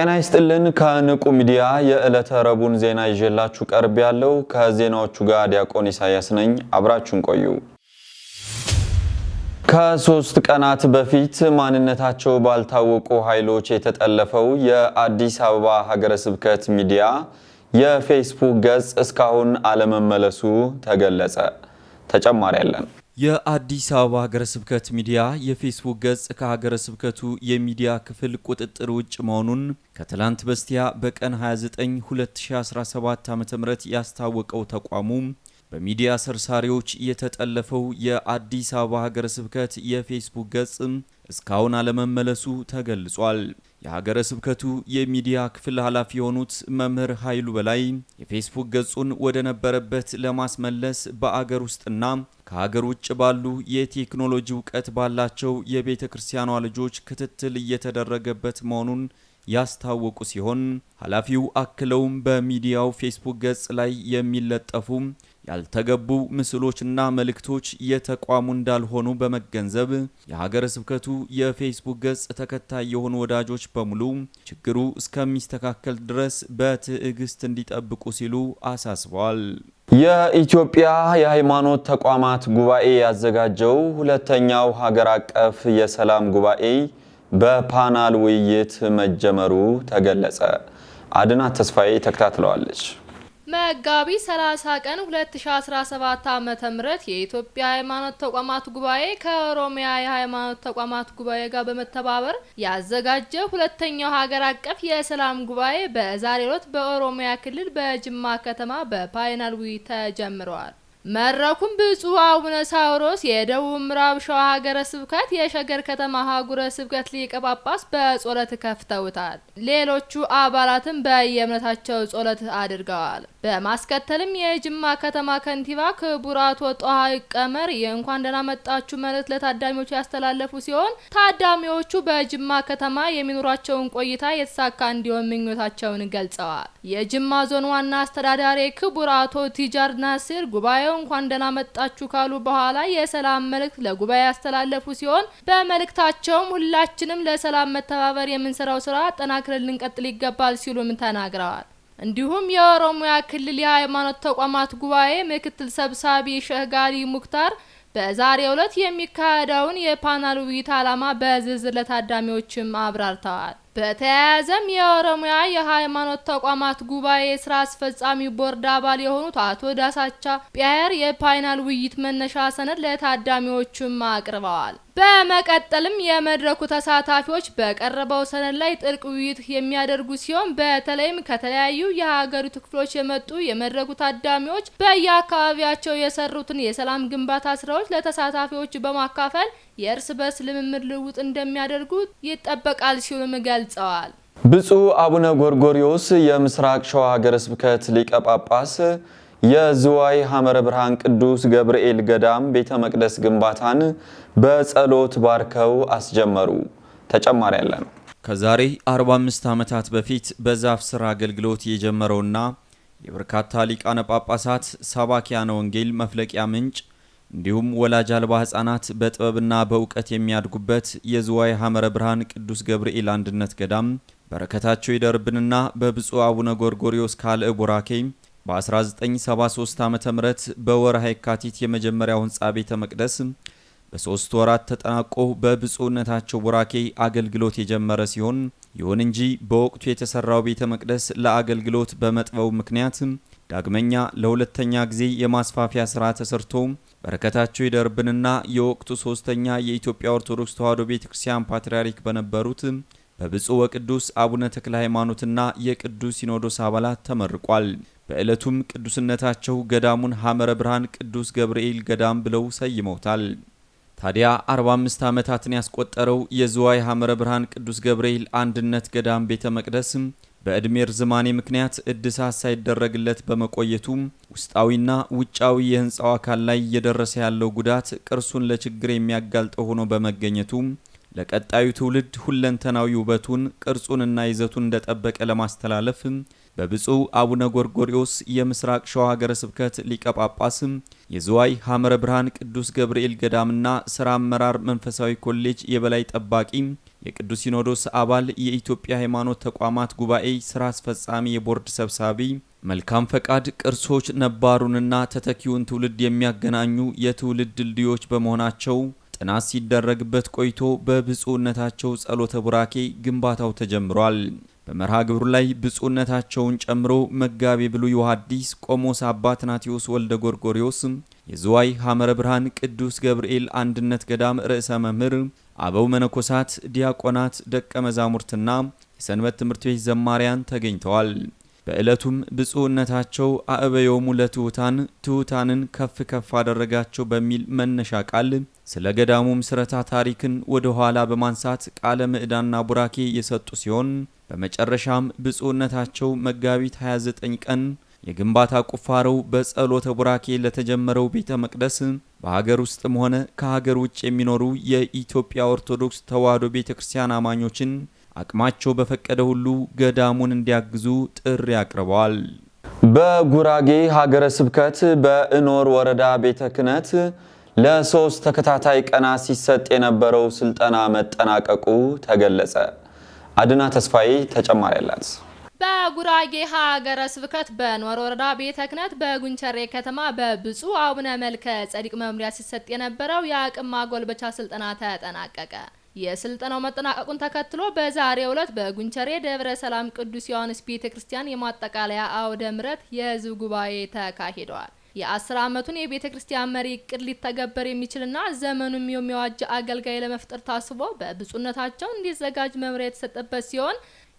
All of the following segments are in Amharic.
ጤና ይስጥልን ከንቁ ሚዲያ የዕለተ ረቡን ዜና ይዤላችሁ ቀርብ ያለው ከዜናዎቹ ጋር ዲያቆን ኢሳያስ ነኝ። አብራችሁን ቆዩ። ከሶስት ቀናት በፊት ማንነታቸው ባልታወቁ ኃይሎች የተጠለፈው የአዲስ አበባ ሀገረ ስብከት ሚዲያ የፌስቡክ ገጽ እስካሁን አለመመለሱ ተገለጸ። ተጨማሪ ያለን የአዲስ አበባ ሀገረ ስብከት ሚዲያ የፌስቡክ ገጽ ከሀገረ ስብከቱ የሚዲያ ክፍል ቁጥጥር ውጭ መሆኑን ከትላንት በስቲያ በቀን 29 2017 ዓ ም ያስታወቀው ተቋሙ በሚዲያ ሰርሳሪዎች የተጠለፈው የአዲስ አበባ ሀገረ ስብከት የፌስቡክ ገጽ እስካሁን አለመመለሱ ተገልጿል። የሀገረ ስብከቱ የሚዲያ ክፍል ኃላፊ የሆኑት መምህር ኃይሉ በላይ የፌስቡክ ገጹን ወደ ነበረበት ለማስመለስ በአገር ውስጥና ከሀገር ውጭ ባሉ የቴክኖሎጂ እውቀት ባላቸው የቤተ ክርስቲያኗ ልጆች ክትትል እየተደረገበት መሆኑን ያስታወቁ ሲሆን ኃላፊው አክለውም በሚዲያው ፌስቡክ ገጽ ላይ የሚለጠፉ ያልተገቡ ምስሎችና መልእክቶች የተቋሙ እንዳልሆኑ በመገንዘብ የሀገረ ስብከቱ የፌስቡክ ገጽ ተከታይ የሆኑ ወዳጆች በሙሉ ችግሩ እስከሚስተካከል ድረስ በትዕግስት እንዲጠብቁ ሲሉ አሳስበዋል። የኢትዮጵያ የሃይማኖት ተቋማት ጉባኤ ያዘጋጀው ሁለተኛው ሀገር አቀፍ የሰላም ጉባኤ በፓናል ውይይት መጀመሩ ተገለጸ። አድናት ተስፋዬ ተከታትለዋለች። መጋቢ 30 ቀን 2017 ዓ.ም የኢትዮጵያ ሃይማኖት ተቋማት ጉባኤ ከኦሮሚያ የሃይማኖት ተቋማት ጉባኤ ጋር በመተባበር ያዘጋጀ ሁለተኛው ሀገር አቀፍ የሰላም ጉባኤ በዛሬ ዕለት በኦሮሚያ ክልል በጅማ ከተማ በፓይናል ዊ ተጀምረዋል። መድረኩም ብፁዕ አቡነ ሳዊሮስ የደቡብ ምዕራብ ሸዋ ሀገረ ስብከት የሸገር ከተማ ሀገረ ስብከት ሊቀ ጳጳስ በጸሎት ከፍተውታል። ሌሎቹ አባላትም በየእምነታቸው ጸሎት አድርገዋል። በማስከተልም የጅማ ከተማ ከንቲባ ክቡር አቶ ጦሃይ ቀመር የእንኳን ደህና መጣችሁ መልእክት ለታዳሚዎቹ ያስተላለፉ ሲሆን ታዳሚዎቹ በጅማ ከተማ የሚኖራቸውን ቆይታ የተሳካ እንዲሆን ምኞታቸውን ገልጸዋል። የጅማ ዞን ዋና አስተዳዳሪ ክቡር አቶ ቲጃር ናስር ጉባኤው እንኳን ደህና መጣችሁ ካሉ በኋላ የሰላም መልእክት ለጉባኤ ያስተላለፉ ሲሆን በመልእክታቸውም ሁላችንም ለሰላም መተባበር የምንሰራው ስራ አጠናክረን ልንቀጥል ይገባል ሲሉም ተናግረዋል። እንዲሁም የኦሮሚያ ክልል የሃይማኖት ተቋማት ጉባኤ ምክትል ሰብሳቢ ሼህ ጋሪ ሙክታር በዛሬው ዕለት የሚካሄደውን የፓናል ውይይት ዓላማ በዝርዝር ለታዳሚዎችም አብራርተዋል። በተያያዘም የኦሮሚያ የሃይማኖት ተቋማት ጉባኤ የስራ አስፈጻሚ ቦርድ አባል የሆኑት አቶ ዳሳቻ ፒየር የፓይናል ውይይት መነሻ ሰነድ ለታዳሚዎቹም አቅርበዋል። በመቀጠልም የመድረኩ ተሳታፊዎች በቀረበው ሰነድ ላይ ጥልቅ ውይይት የሚያደርጉ ሲሆን በተለይም ከተለያዩ የሀገሪቱ ክፍሎች የመጡ የመድረኩ ታዳሚዎች በየአካባቢያቸው የሰሩትን የሰላም ግንባታ ስራዎች ለተሳታፊዎች በማካፈል የእርስ በርስ ልምምድ ልውውጥ እንደሚያደርጉት ይጠበቃል ሲሉም ገልጸዋል። ብፁዕ አቡነ ጎርጎሪዮስ የምስራቅ ሸዋ ሀገረ ስብከት ሊቀ ጳጳስ የዝዋይ ሐመረ ብርሃን ቅዱስ ገብርኤል ገዳም ቤተ መቅደስ ግንባታን በጸሎት ባርከው አስጀመሩ። ተጨማሪ ያለ ነው። ከዛሬ 45 ዓመታት በፊት በዛፍ ስራ አገልግሎት የጀመረውና የበርካታ ሊቃነ ጳጳሳት፣ ሰባኪያነ ወንጌል መፍለቂያ ምንጭ እንዲሁም ወላጅ አልባ ህጻናት በጥበብና በእውቀት የሚያድጉበት የዝዋይ ሐመረ ብርሃን ቅዱስ ገብርኤል አንድነት ገዳም በረከታቸው ይደርብንና በብፁዕ አቡነ ጎርጎሪዮስ ካልዕ ቡራኬ በ1973 ዓ ም በወርሃ የካቲት የመጀመሪያው ህንፃ ቤተ መቅደስ በሦስት ወራት ተጠናቆ በብፁዕነታቸው ቡራኬ አገልግሎት የጀመረ ሲሆን ይሁን እንጂ በወቅቱ የተሰራው ቤተ መቅደስ ለአገልግሎት በመጥበቡ ምክንያት ዳግመኛ ለሁለተኛ ጊዜ የማስፋፊያ ሥራ ተሰርቶ በረከታቸው ይደርብንና የወቅቱ ሶስተኛ የኢትዮጵያ ኦርቶዶክስ ተዋሕዶ ቤተ ክርስቲያን ፓትርያርክ በነበሩት በብፁዕ ወቅዱስ አቡነ ተክለ ሃይማኖትና የቅዱስ ሲኖዶስ አባላት ተመርቋል። በዕለቱም ቅዱስነታቸው ገዳሙን ሐመረ ብርሃን ቅዱስ ገብርኤል ገዳም ብለው ሰይመውታል። ታዲያ 45 ዓመታትን ያስቆጠረው የዝዋይ ሐመረ ብርሃን ቅዱስ ገብርኤል አንድነት ገዳም ቤተ መቅደስ በዕድሜ ርዝማኔ ምክንያት እድሳት ሳይደረግለት በመቆየቱም ውስጣዊና ውጫዊ የህንፃው አካል ላይ እየደረሰ ያለው ጉዳት ቅርሱን ለችግር የሚያጋልጠው ሆኖ በመገኘቱም ለቀጣዩ ትውልድ ሁለንተናዊ ውበቱን ቅርጹንና ይዘቱን እንደጠበቀ ለማስተላለፍ በብፁዕ አቡነ ጎርጎሪዎስ የምስራቅ ሸዋ ሀገረ ስብከት ሊቀ ጳጳስ የዝዋይ ሐመረ ብርሃን ቅዱስ ገብርኤል ገዳምና ስራ አመራር መንፈሳዊ ኮሌጅ የበላይ ጠባቂ የቅዱስ ሲኖዶስ አባል የኢትዮጵያ ሃይማኖት ተቋማት ጉባኤ ስራ አስፈጻሚ የቦርድ ሰብሳቢ መልካም ፈቃድ ቅርሶች ነባሩንና ተተኪውን ትውልድ የሚያገናኙ የትውልድ ድልድዮች በመሆናቸው ጥናት ሲደረግበት ቆይቶ በብፁዕነታቸው ጸሎተ ቡራኬ ግንባታው ተጀምሯል። በመርሃ ግብሩ ላይ ብፁዕነታቸውን ጨምሮ መጋቤ ብሉይ ዮሐዲስ ቆሞስ አባ ትናቴዎስ ወልደ ጎርጎሪዎስ፣ የዝዋይ ሐመረ ብርሃን ቅዱስ ገብርኤል አንድነት ገዳም ርዕሰ መምህር አበው መነኮሳት፣ ዲያቆናት፣ ደቀ መዛሙርትና የሰንበት ትምህርት ቤት ዘማሪያን ተገኝተዋል። በዕለቱም ብፁዕነታቸው አዕበዮሙ ለትሑታን ትሑታንን ከፍ ከፍ አደረጋቸው በሚል መነሻ ቃል ስለ ገዳሙ ምስረታ ታሪክን ወደ ኋላ በማንሳት ቃለ ምዕዳና ቡራኬ የሰጡ ሲሆን በመጨረሻም ብፁዕነታቸው መጋቢት 29 ቀን የግንባታ ቁፋሮው በጸሎተ ቡራኬ ለተጀመረው ቤተ መቅደስ በሀገር ውስጥም ሆነ ከሀገር ውጭ የሚኖሩ የኢትዮጵያ ኦርቶዶክስ ተዋሕዶ ቤተ ክርስቲያን አማኞችን አቅማቸው በፈቀደ ሁሉ ገዳሙን እንዲያግዙ ጥሪ አቅርበዋል። በጉራጌ ሀገረ ስብከት በእኖር ወረዳ ቤተ ክህነት ለሶስት ተከታታይ ቀናት ሲሰጥ የነበረው ስልጠና መጠናቀቁ ተገለጸ። አድና ተስፋዬ ተጨማሪ አላት። ጉራጌ ሀገረ ስብከት በኖር ወረዳ ቤተ ክህነት በጉንቸሬ ከተማ በብፁዕ አቡነ መልከ ጸዲቅ መምሪያ ሲሰጥ የነበረው የአቅም ማጎልበቻ ስልጠና ተጠናቀቀ። የስልጠናው መጠናቀቁን ተከትሎ በዛሬው ዕለት በጉንቸሬ ደብረ ሰላም ቅዱስ ዮሐንስ ቤተ ክርስቲያን የማጠቃለያ አውደ ምረት የህዝብ ጉባኤ ተካሂደዋል። የአስር ዓመቱን የቤተ ክርስቲያን መሪ እቅድ ሊተገበር የሚችልና ዘመኑም የሚዋጅ አገልጋይ ለመፍጠር ታስቦ በብፁዕነታቸው እንዲዘጋጅ መምሪያ የተሰጠበት ሲሆን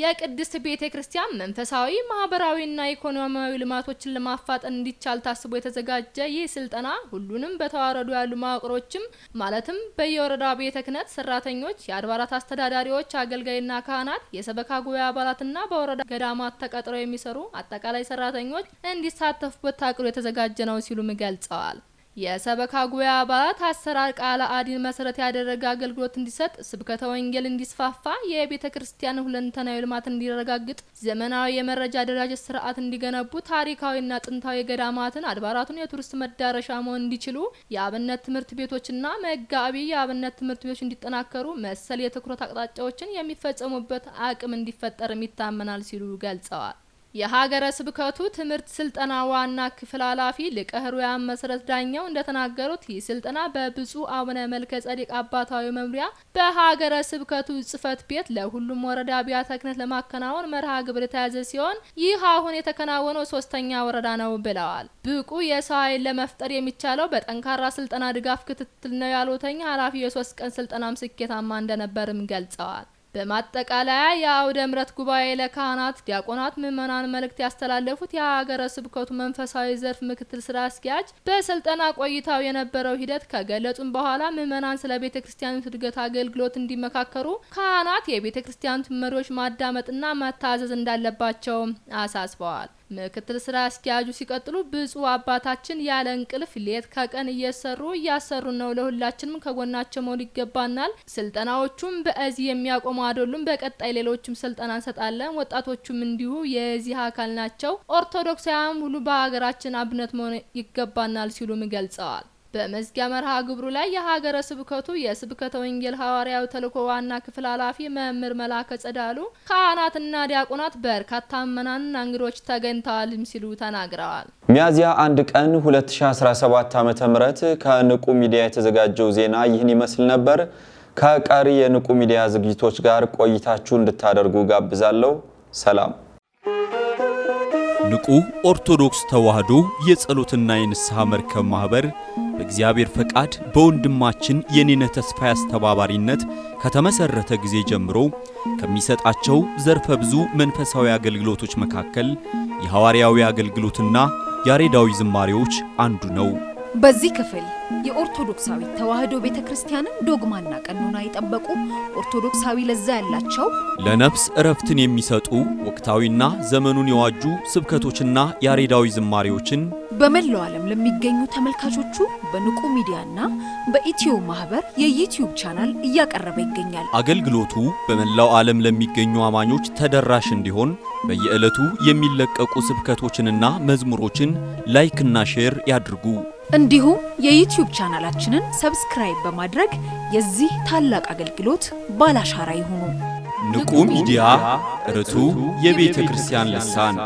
የቅድስት ቤተ ክርስቲያን መንፈሳዊ ማህበራዊና ኢኮኖሚያዊ ልማቶችን ለማፋጠን እንዲቻል ታስቦ የተዘጋጀ ይህ ስልጠና ሁሉንም በተዋረዱ ያሉ መዋቅሮችም ማለትም በየወረዳ ቤተ ክህነት ሰራተኞች፣ የአድባራት አስተዳዳሪዎች፣ አገልጋይና ካህናት፣ የሰበካ ጉባኤ አባላትና በወረዳ ገዳማት ተቀጥረው የሚሰሩ አጠቃላይ ሰራተኞች እንዲሳተፉበት ታቅዶ የተዘጋጀ ነው ሲሉም ገልጸዋል። የሰበካ ጉባኤ አባላት አሰራር ቃለ አዲን መሰረት ያደረገ አገልግሎት እንዲሰጥ፣ ስብከተ ወንጌል እንዲስፋፋ፣ የቤተ ክርስቲያን ሁለንተናዊ ልማት እንዲረጋግጥ፣ ዘመናዊ የመረጃ አደራጀት ስርዓት እንዲገነቡ፣ ታሪካዊና ጥንታዊ ገዳማትን አድባራቱን የቱሪስት መዳረሻ መሆን እንዲችሉ፣ የአብነት ትምህርት ቤቶችና መጋቢ የአብነት ትምህርት ቤቶች እንዲጠናከሩ፣ መሰል የትኩረት አቅጣጫዎችን የሚፈጸሙበት አቅም እንዲፈጠርም ይታመናል ሲሉ ገልጸዋል። የሀገረ ስብከቱ ትምህርት ስልጠና ዋና ክፍል ኃላፊ ሊቀ ሕሩያን መሰረት ዳኛው እንደተናገሩት ይህ ስልጠና በብፁዕ አቡነ መልከ ጸዲቅ አባታዊ መምሪያ በሀገረ ስብከቱ ጽሕፈት ቤት ለሁሉም ወረዳ አብያተ ክህነት ለማከናወን መርሃ ግብር የተያዘ ሲሆን ይህ አሁን የተከናወነው ሶስተኛ ወረዳ ነው ብለዋል። ብቁ የሰው ኃይል ለመፍጠር የሚቻለው በጠንካራ ስልጠና ድጋፍ ክትትል ነው ያሉተኛ ኃላፊ የሶስት ቀን ስልጠናም ስኬታማ እንደነበርም ገልጸዋል። በማጠቃለያ የአውደ ምረት ጉባኤ ለካህናት፣ ዲያቆናት፣ ምዕመናን መልእክት ያስተላለፉት የሀገረ ስብከቱ መንፈሳዊ ዘርፍ ምክትል ስራ አስኪያጅ በስልጠና ቆይታው የነበረው ሂደት ከገለጹም በኋላ ምዕመናን ስለ ቤተ ክርስቲያኒቱ እድገት አገልግሎት እንዲመካከሩ ካህናት የቤተ ክርስቲያኒቱ መሪዎች ማዳመጥና መታዘዝ እንዳለባቸው አሳስበዋል። ምክትል ስራ አስኪያጁ ሲቀጥሉ ብፁዕ አባታችን ያለ እንቅልፍ ሌት ከቀን እየሰሩ እያሰሩ ነው። ለሁላችንም ከጎናቸው መሆን ይገባናል። ስልጠናዎቹም በእዚህ የሚያቆሙ አይደሉም። በቀጣይ ሌሎችም ስልጠና እንሰጣለን። ወጣቶቹም እንዲሁ የዚህ አካል ናቸው። ኦርቶዶክሳውያን ሁሉ በሀገራችን አብነት መሆን ይገባናል ሲሉም ገልጸዋል። በመዝጊያ መርሃ ግብሩ ላይ የሀገረ ስብከቱ የስብከተ ወንጌል ሐዋርያዊ ተልእኮ ዋና ክፍል ኃላፊ መምህር መላከ ጸዳሉ፣ ካህናትና ዲያቆናት፣ በርካታ ምዕመናንና እንግዶች ተገኝተዋልም ሲሉ ተናግረዋል። ሚያዝያ አንድ ቀን 2017 ዓ ም ከንቁ ሚዲያ የተዘጋጀው ዜና ይህን ይመስል ነበር። ከቀሪ የንቁ ሚዲያ ዝግጅቶች ጋር ቆይታችሁ እንድታደርጉ ጋብዛለሁ። ሰላም። ንቁ ኦርቶዶክስ ተዋህዶ የጸሎትና የንስሐ መርከብ ማኅበር በእግዚአብሔር ፈቃድ በወንድማችን የኔነ ተስፋ አስተባባሪነት ከተመሰረተ ጊዜ ጀምሮ ከሚሰጣቸው ዘርፈ ብዙ መንፈሳዊ አገልግሎቶች መካከል የሐዋርያዊ አገልግሎትና ያሬዳዊ ዝማሬዎች አንዱ ነው። በዚህ ክፍል የኦርቶዶክሳዊ ተዋህዶ ቤተ ክርስቲያንን ዶግማና ቀኖና የጠበቁ ኦርቶዶክሳዊ ለዛ ያላቸው ለነፍስ እረፍትን የሚሰጡ ወቅታዊና ዘመኑን የዋጁ ስብከቶችና ያሬዳዊ ዝማሬዎችን በመላው ዓለም ለሚገኙ ተመልካቾቹ በንቁ ሚዲያና በኢትዮ ማህበር የዩትዩብ ቻናል እያቀረበ ይገኛል። አገልግሎቱ በመላው ዓለም ለሚገኙ አማኞች ተደራሽ እንዲሆን በየዕለቱ የሚለቀቁ ስብከቶችንና መዝሙሮችን ላይክና ሼር ያድርጉ። እንዲሁም የዩትዩብ ቻናላችንን ሰብስክራይብ በማድረግ የዚህ ታላቅ አገልግሎት ባላሻራ ይሁኑ። ንቁ ሚዲያ ርቱ የቤተ ክርስቲያን ልሳን